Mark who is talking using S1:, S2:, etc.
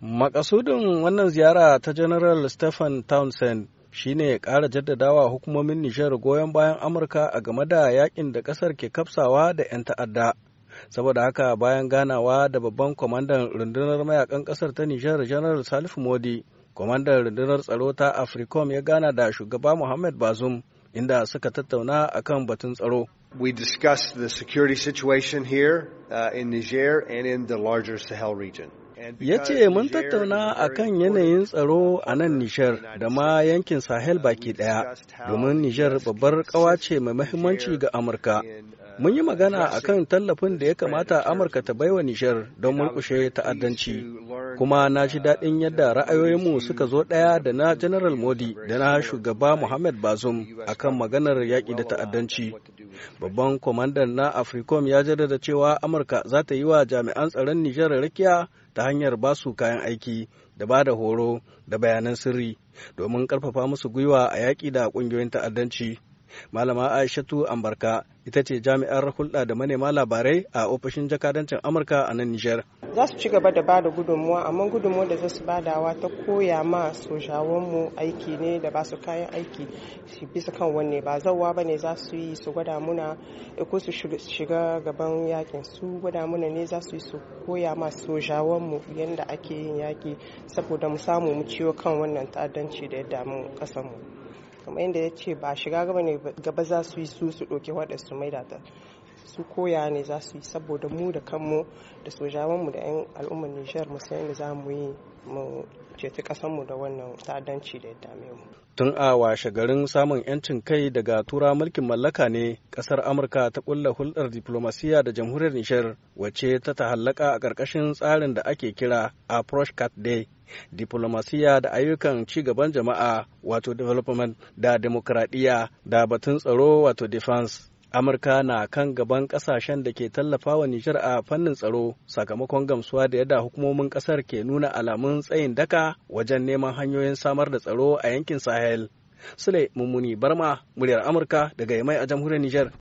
S1: Makasudin wannan ziyara ta General Stephen Townsend shine kara jaddadawa hukumomin Nijar goyon bayan Amurka a game da yakin da ƙasar ke kafsawa da 'yan ta'adda. Saboda haka bayan ganawa da babban kwamandan rundunar mayakan ƙasar ta Nijar General Salif Modi, kwamandan rundunar tsaro ta Africom ya gana da shugaba Muhammad bazum inda suka tattauna akan batun tsaro. We discussed the security situation here uh, in Niger and in the larger Sahel region. ya ce mun tattauna a kan yanayin tsaro a nan Nijar da ma yankin Sahel baki ɗaya, domin Nijar babbar ƙawa ce mai mahimmanci ga Amurka. Uh, mun yi magana a kan tallafin da ya kamata Amurka ta baiwa Nijar don murkushe ta'addanci, kuma uh, na ji daɗin yadda ra'ayoyinmu suka zo ɗaya da na General Modi da na shugaba Muhammad Bazoum kan maganar yaƙi da ta'addanci. babban kwamandan na africom ya jaddada cewa amurka za ta yi wa jami'an tsaron nijar rakiya ta hanyar basu kayan aiki da ba da horo da bayanan sirri domin karfafa musu gwiwa a yaƙi da ƙungiyoyin ta'addanci Malama Aishatu Ambarka ita ce jami'ar hulɗa da manema labarai a ofishin jakadancin Amurka a nan Nijar.
S2: Za su ci gaba da ba da gudunmuwa, amma gudunmuwa da za su ba dawa ta koya ma sojawanmu aiki ne da ba su kayan aiki su bisa kan wanne ba zauwa ba ne za su yi su gwada muna eh, ko su shiga gaban yakin su gwada muna ne za su yi su koya ma sojawanmu yadda ake yin yaki saboda mu samu mu ciwo kan wannan ta'addanci da ya damu kasanmu. kamar yadda ya ce ba shiga gaba ne gaba za su yi su su ɗauki su maida ta su koya ne za su yi saboda mu da kanmu da sojawanmu da 'yan al'ummar nijar musayin yadda za mu yi mu ceci kasanmu da wannan ta'addanci da ya dame mu.
S1: Tun a washe garin samun 'yancin kai daga tura mulkin mallaka ne kasar Amurka ta kulla hulɗar diplomasiya da jamhuriyar Nishar wacce ta tahallaka a ƙarƙashin tsarin da ake kira Approach Cat Day diplomasiya da ayyukan ci gaban jama'a wato development da demokradiyya da batun tsaro wato defense amurka na kan gaban kasashen da ke tallafa wa nijar a fannin tsaro sakamakon gamsuwa da yadda hukumomin kasar ke nuna alamun tsayin daka wajen neman hanyoyin samar da tsaro a yankin sahel sule mummuni barma muryar amurka daga yamai a jamhuriyar nijar